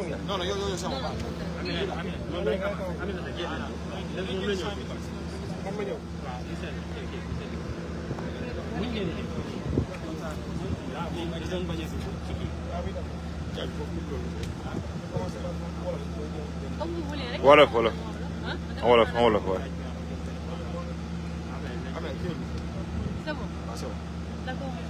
No, no, yo, yo, yo sé mover. wolof wolof wolof wolof waay c'est bon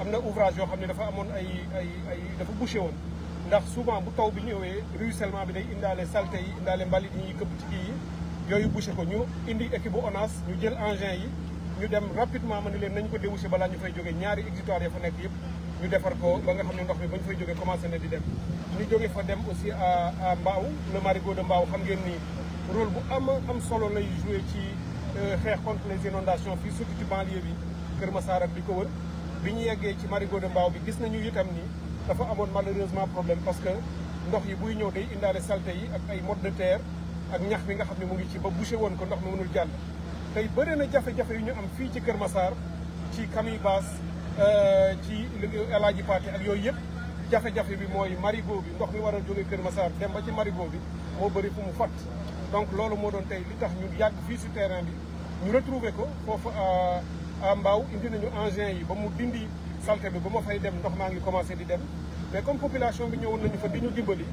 am na ouvrage yoo xam ne dafa amoon ay ay ay dafa bouché woon ndax souvent bu taw bi ñëwee ruissellement bi day indaale saleté yi indaale mbalit yi këpp ci kii yi yooyu bouché ko ñu indi équipe bu ONAS ñu jël engin yi ñu dem rapidement ma ni leen nañ ko débouché balaa ñu fay jógee ñaari exutoire ya fa nekk yëpp ñu defar ko ba nga xam ne ndox mi ba ñu fay jógee commencé na di dem ñu jóge fa dem aussi à à Mbao le marigot de mbaaw xam ngeen ni rôle bu am am solo lay joué ci euh, xeex contre les inondations fii surtout ci banlieue bi Kër Massar di ko wër bi ñu yeggee ci marigot de mbaaw bi gis nañu itam ni dafa amoon malheureusement problème parce que ndox yi buy ñëw day indaale saleté yi ak ay mode de terre ak ñax bi nga xam ne mu ngi ci ba bouché woon ko ndox mi mënul jàll tey bëri na jafe-jafe yu ñu am fii ci Kër Massar ci Camille Basse euh, ci El ji Pathé ak yooyu yëpp jafe-jafe bi mooy marigot bi ndox mi war a jógee Kër Massar dem ba ci marigot bi moo bari fu mu fat donc loolu moo doon tey li tax ñu yàgg fii si terrain bi ñu retrouver ko foofu Ah, mbaaw indi nañu engins yi ba mu dindi salte bi ba ma fay dem ndox maa ngi commencé di dem mais comme population bi ñëwoon nañu fa di ñu dimbali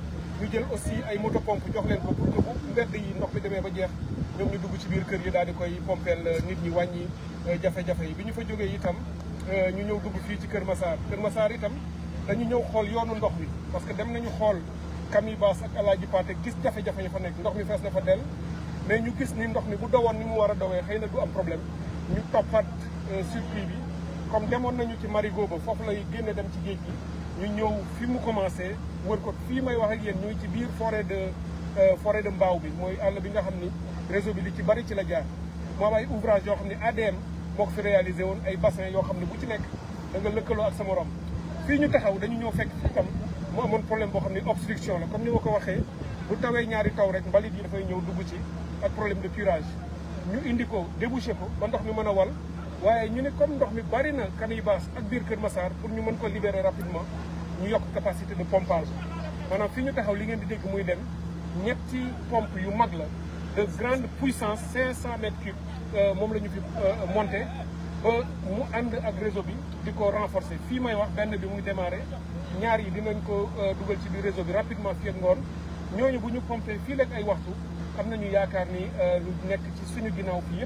ñu jël aussi ay moto pompe jox leen ko pour que yi ndox mi demee ba jeex ñoom ñu dugg ci biir kër yi daal di koy pompeel euh, nit ñi wàññi euh, jafe-jafe yi bi ñu fa jógee itam euh, ñu ñëw dugg fii ci Kër Massar Kër Massar itam dañu ñëw xool yoonu ndox mi parce que dem nañu xool Kami Baas ak Alaaji Paate gis jafe yi fa nekk ndox mi fees na fa dell mais ñu gis ni ndox mi bu dowoon ni mu war a dowee xëy na du am problème Euh, circuit bi comme demoon nañu ci marigot ba foofu lay génne dem ci géej gi ñu ñëw fi mu commencé wër ko fii may wax ak yéen ñu ngi ci biir forêt de euh, forêt de mbaaw bi mooy àll bi nga xam ni réseau bi li ci bari ci la jaar moo am ay ouvrage yoo xam ni ADM moo ko fi réalisé woon ay bassin yoo xam ne bu ci nekk danga lëkkaloo ak sa morom fii ñu taxaw dañu ñëw fekk fii tam mu amoon problème boo xam ni obstruction la comme ni ma ko waxee bu tawee ñaari taw rek mbalit yi dafay ñëw dugg ci ak problème de curage ñu indi ko débouché ko ba ndox mi mën a wal Mais ñu ne comme ndox pour libérer rapidement ñu York capacité de pompage Vous taxaw li ngeen di pompe de grande puissance 500 mètres cubes euh, nous ñu fi euh, monté réseau bi di renforcer fii may wax benn bi euh, réseau rapidement Nous ak pompé nous ay waxtu nous ni euh, lu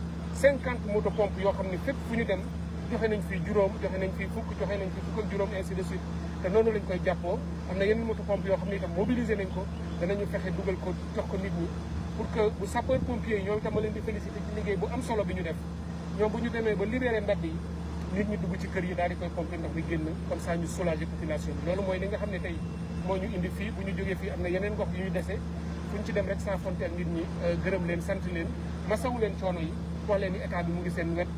cinquante moto pompe yoo xam ne fépp fu ñu dem joxe nañ fii juróom joxe nañ fii fukk joxe nañ fi fukk ak juróom ainsi de suite te noonu lañ koy jàppoo am na yeneen moto pompe yoo xam ne itam mobilisé nañ ko danañu fexe dugal ko jox ko nit ñi pour que bu sapeur pompier yi ñoom ma leen di félicité ci liggéey bu am solo bi ñu def ñoom ñu demee ba libéré mbedd yi nit ñi dugg ci kër yi daal di koy pompe ndox bi génn comme ça ñu soulager population bi loolu mooy li nga xam ne tey moo ñu indi fii bu ñu jógee fii am na yeneen gox yu ñu desee fu ñu ci dem rek sans frontière nit ñi euh, gërëm leen sant leen masawu leen coono yi problème yi état bi mu ngi seen wet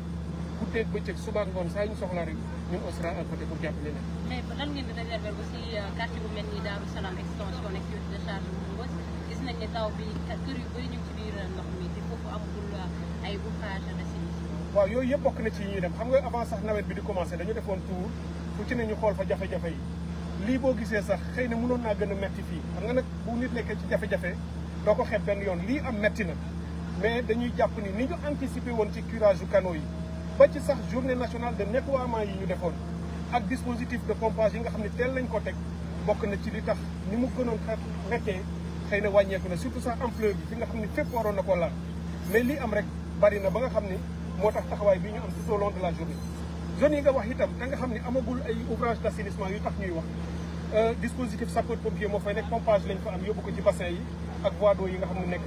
bu dégg bëccëg suba saa ñu soxla rek ñun on sera à côté pour jàppale leen. mais lan ngeen di réserver aussi euh, quartier bu euh, waaw yooyu yëpp bokk na ci ñuy dem xam nga avant sax nawet bi di commencé dañu defoon tour fu ci ne ñu xool fa jafe-jafe yi lii boo gisee sax xëy ne mënoon naa gën a metti fii xam nga nag bu nit nekkee ci jafe-jafe doo ko xeeb benn yoon lii am metti na. mais dañuy jàpp ni ni ñu anticiper woon ci curage yu canaux yi ba ci sax journée nationale de nettoiement yi ñu defoon ak dispositif de pompage yi nga xam ne teel lañ ko teg bokk na ci li tax ni mu gënoon xat mettee xëy na wàññeeku na surtout sax ampleur bi fi nga xam ne fépp waroon na ko laal mais lii am rek bari na ba nga xam ne moo tax taxawaay bi ñu am tout au long la journée zones yi nga wax itam da nga xam ni amagul ay ouvrage d' assainissement yu tax ñuy wax euh, dispositif sapeur pompier moo ko ci bassin yi ak nga xam ne nekk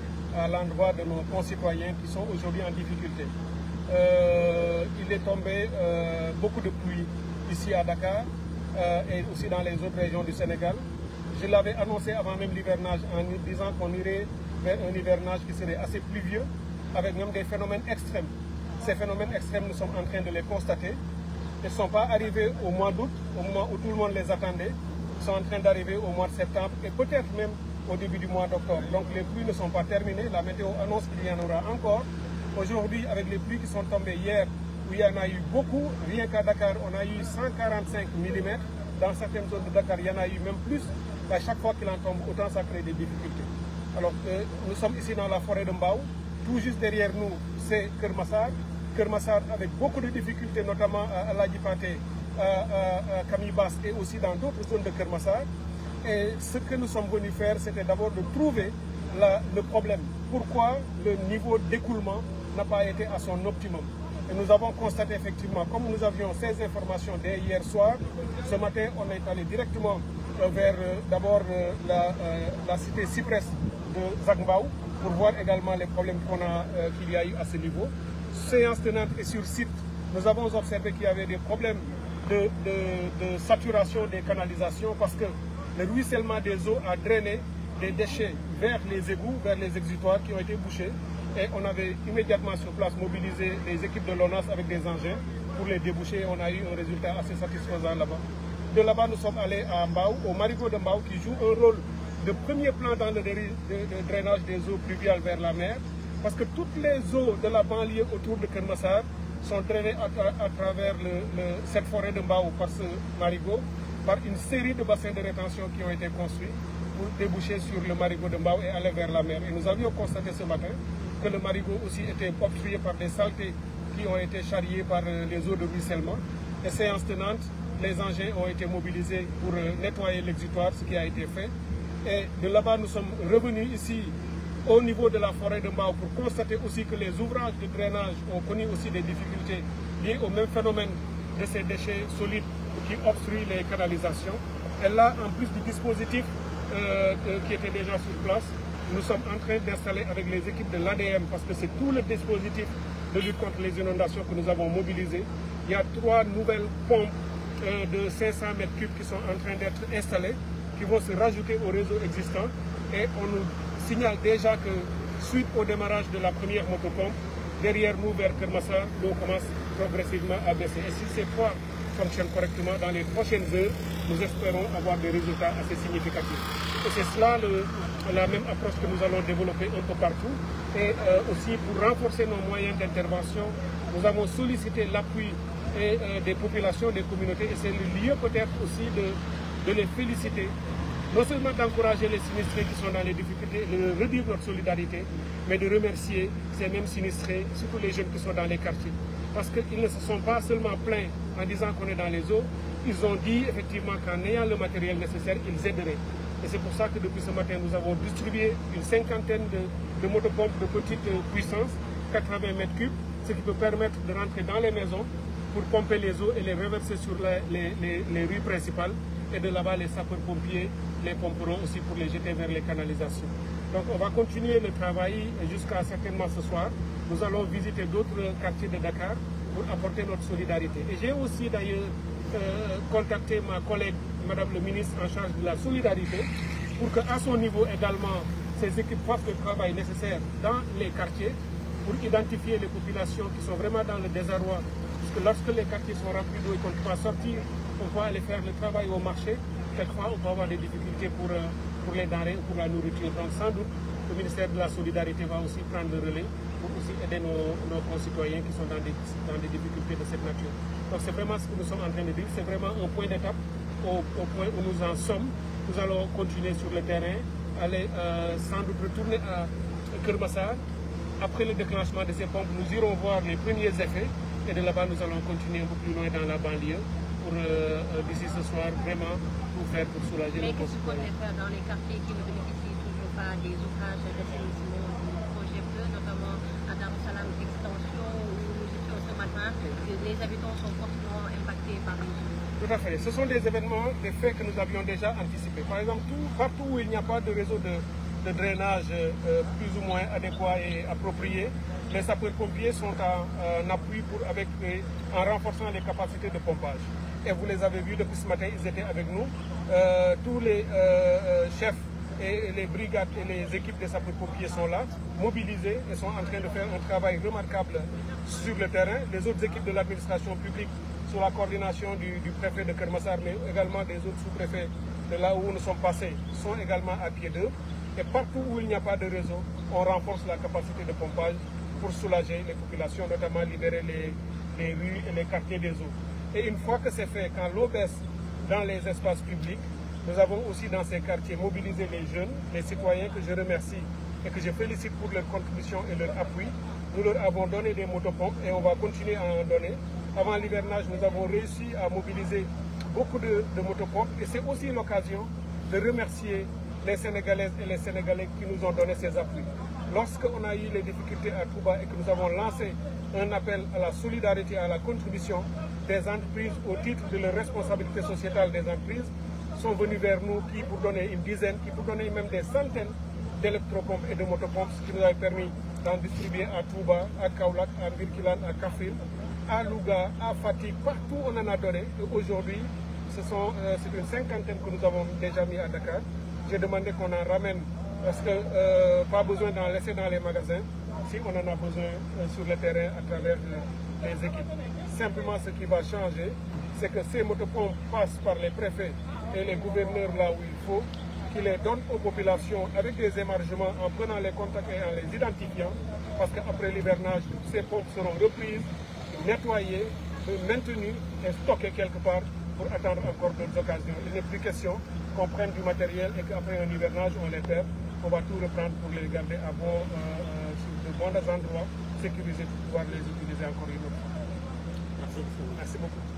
à l'endroit de nos concitoyens qui sont aujourd'hui en difficulté. Euh, il est tombé euh, beaucoup de pluie ici à Dakar euh, et aussi dans les autres régions du Sénégal. Je l'avais annoncé avant même l'hivernage en disant qu'on irait vers un hivernage qui serait assez pluvieux avec même des phénomènes extrêmes. Ces phénomènes extrêmes, nous sommes en train de les constater. Ils ne sont pas arrivés au mois d'août, au moment où tout le monde les attendait. Ils sont en train d'arriver au mois de septembre et peut-être même au début du mois d'octobre. Donc les pluies ne sont pas terminées, la météo annonce qu'il y en aura encore. Aujourd'hui, avec les pluies qui sont tombées hier, où il y en a eu beaucoup, rien qu'à Dakar, on a eu 145 mm. Dans certaines zones de Dakar, il y en a eu même plus. À chaque fois qu'il en tombe, autant ça crée des difficultés. Alors euh, nous sommes ici dans la forêt de Mbao, tout juste derrière nous, c'est Kermassar. Kermassar avec beaucoup de difficultés, notamment à Aladjipate, à, à Kamibas et aussi dans d'autres zones de Kermassar. Et ce que nous sommes venus faire, c'était d'abord de trouver le problème. Pourquoi le niveau d'écoulement n'a pas été à son optimum et nous avons constaté effectivement, comme nous avions ces informations dès hier soir, ce matin on est allé directement euh, vers euh, d'abord euh, la, cité Cypress de Zagmbaou pour voir également les problèmes qu'il a, qu'il y a eu à ce niveau. Séance tenante et sur site, nous avons observé qu'il y avait des problèmes de, de, saturation des canalisations parce que le ruissellement des eaux a drainé des déchets vers les égouts, vers les exutoires qui ont été bouchés. Et on avait immédiatement sur place mobilisé les équipes de l'ONAS avec des engins pour les déboucher. On a eu un résultat assez satisfaisant là-bas. De là-bas, nous sommes allés à Mbao, au marigot de Mbao, qui joue un rôle de premier plan dans le, drainage des eaux pluviales vers la mer, parce que toutes les eaux de la banlieue autour de Kermassar sont drainées à, travers cette forêt de Mbao par ce marigot par une série de bassins de rétention qui ont été construits pour déboucher sur le marigot de Mbao et aller vers la mer. Et nous avions constaté ce matin que le marigot aussi était obstrué par des saletés qui ont été charriées par euh, les eaux de ruissellement. Et séance tenante, les engins ont été mobilisés pour euh, nettoyer l'exutoire, ce qui a été fait. Et de là-bas, nous sommes revenus ici au niveau de la forêt de Mbao pour constater aussi que les ouvrages de drainage ont connu aussi des difficultés liées au même phénomène de ces déchets solides qui obstruent les canalisations. Et là, en plus du dispositif euh, euh, qui était déjà sur place, nous sommes en train d'installer avec les équipes de l'ADM, parce que c'est tout le dispositif de lutte contre les inondations que nous avons mobilisé. Il y a trois nouvelles pompes euh, de 500 mètres cubes qui sont en train d'être installées, qui vont se rajouter au réseau existant. Et on nous signale déjà que, suite au démarrage de la première motopompe, derrière nous, vers Kermassa, l'eau commence progressivement à baisser. Et si c'est trois correctement dans les prochaines heures, nous espérons avoir des résultats assez significatifs. Et c'est cela le, la même approche que nous allons développer un peu partout. Et euh, aussi pour renforcer nos moyens d'intervention, nous avons sollicité l'appui euh, des populations, des communautés. Et c'est le lieu peut-être aussi de, de les féliciter non seulement d'encourager les sinistrés qui sont dans les difficultés, de redire notre solidarité, mais de remercier ces mêmes sinistrés, surtout les jeunes qui sont dans les quartiers parce qu'ils ne se sont pas seulement plaints en disant qu'on est dans les eaux, ils ont dit effectivement qu'en ayant le matériel nécessaire, ils aideraient. Et c'est pour ça que depuis ce matin, nous avons distribué une cinquantaine de, motopompes de petite euh, puissance, 80 mètres cubes, ce qui peut permettre de rentrer dans les maisons pour pomper les eaux et les reverser sur les, les rues principales. Et de là-bas, les sapeurs-pompiers les pomperont aussi pour les jeter vers les canalisations. Donc on va continuer le travail jusqu'à certainement ce soir. Nous allons visiter d'autres quartiers de Dakar pour apporter notre solidarité. Et j'ai aussi d'ailleurs euh, contacté ma collègue, Madame le ministre en charge de la solidarité, pour qu'à son niveau également, ses équipes fassent le travail nécessaire dans les quartiers pour identifier les populations qui sont vraiment dans le désarroi. Parce que lorsque les quartiers sont remplis d'eau et qu'on ne peut pas sortir, on va aller faire le travail au marché. Quelquefois, on peut avoir des difficultés pour, euh, pour les denrées pour la nourriture. Donc, sans doute, le ministère de la Solidarité va aussi prendre le relais pour aussi aider nos, concitoyens qui sont dans des, difficultés de cette nature. Donc c'est vraiment ce que nous sommes en train de dire, c'est vraiment un point d'étape au, point où nous en sommes. Nous allons continuer sur le terrain, aller euh, sans doute retourner à Kermassar. Après le déclenchement de ces pompes, nous irons voir les premiers effets et de là-bas nous allons continuer un peu plus loin dans la banlieue pour euh, euh, d'ici ce soir vraiment pour faire pour soulager Mais les que les des ouvrages projet notamment à Darussalam d'Extension, où nous étions ce matin. Les habitants sont fortement impactés par les Tout à fait. Ce sont des événements, des faits que nous avions déjà anticipés. Par exemple, partout où il n'y a pas de réseau de, drainage euh, plus ou moins adéquat et approprié, les sapeurs-pompiers sont en, appui pour, avec, en renforçant les capacités de pompage. Et vous les avez vus depuis ce matin, ils étaient avec nous. Euh, tous les euh, chefs et les brigades et les équipes des sapeurs-pompiers sont là, mobilisées et sont en train de faire un travail remarquable sur le terrain. Les autres équipes de l'administration publique, sous la coordination du, préfet de Kermassar, mais également des autres sous-préfets de là où nous sommes passés, sont également à pied d'eux. Et partout où il n'y a pas de réseau, on renforce la capacité de pompage pour soulager les populations, notamment libérer les rues et les quartiers des eaux. Et une fois que c'est fait, quand l'eau baisse dans les espaces publics, nous avons aussi dans ces quartiers mobilisé les jeunes, les citoyens que je remercie et que je félicite pour leur contribution et leur appui. Nous leur avons donné des motopompes et on va continuer à en donner. Avant l'hivernage, nous avons réussi à mobiliser beaucoup de, motopompes et c'est aussi l'occasion de remercier les Sénégalaises et les Sénégalais qui nous ont donné ces appuis. Lorsqu'on a eu les difficultés à Touba et que nous avons lancé un appel à la solidarité, à la contribution des entreprises au titre de leur responsabilité sociétale des entreprises, sont venus vers nous, qui pour donner une dizaine, qui pour donner même des centaines d'électropompes et de motopompes, ce qui nous a permis d'en distribuer à Touba, à Kaulak, à Birkilan, à Kafir, à Louga, à Fatih, partout on en a donné. Aujourd'hui, euh, c'est une cinquantaine que nous avons déjà mis à Dakar. J'ai demandé qu'on en ramène parce que euh, pas besoin d'en laisser dans les magasins si on en a besoin euh, sur le terrain à travers les équipes. Simplement, ce qui va changer, c'est que ces motopompes passent par les préfets et les gouverneurs là où il faut, qu'ils les donnent aux populations avec des émargements en prenant les contacts et en les identifiant, parce qu'après l'hivernage, ces pompes seront reprises, nettoyées, maintenues et stockées quelque part pour attendre encore d'autres occasions. Il n'est plus question qu'on prenne du matériel et qu'après un hivernage, on les perd. On va tout reprendre pour les garder à bon, euh, euh, de bons endroits, sécuriser pour pouvoir les utiliser encore une fois. Merci beaucoup.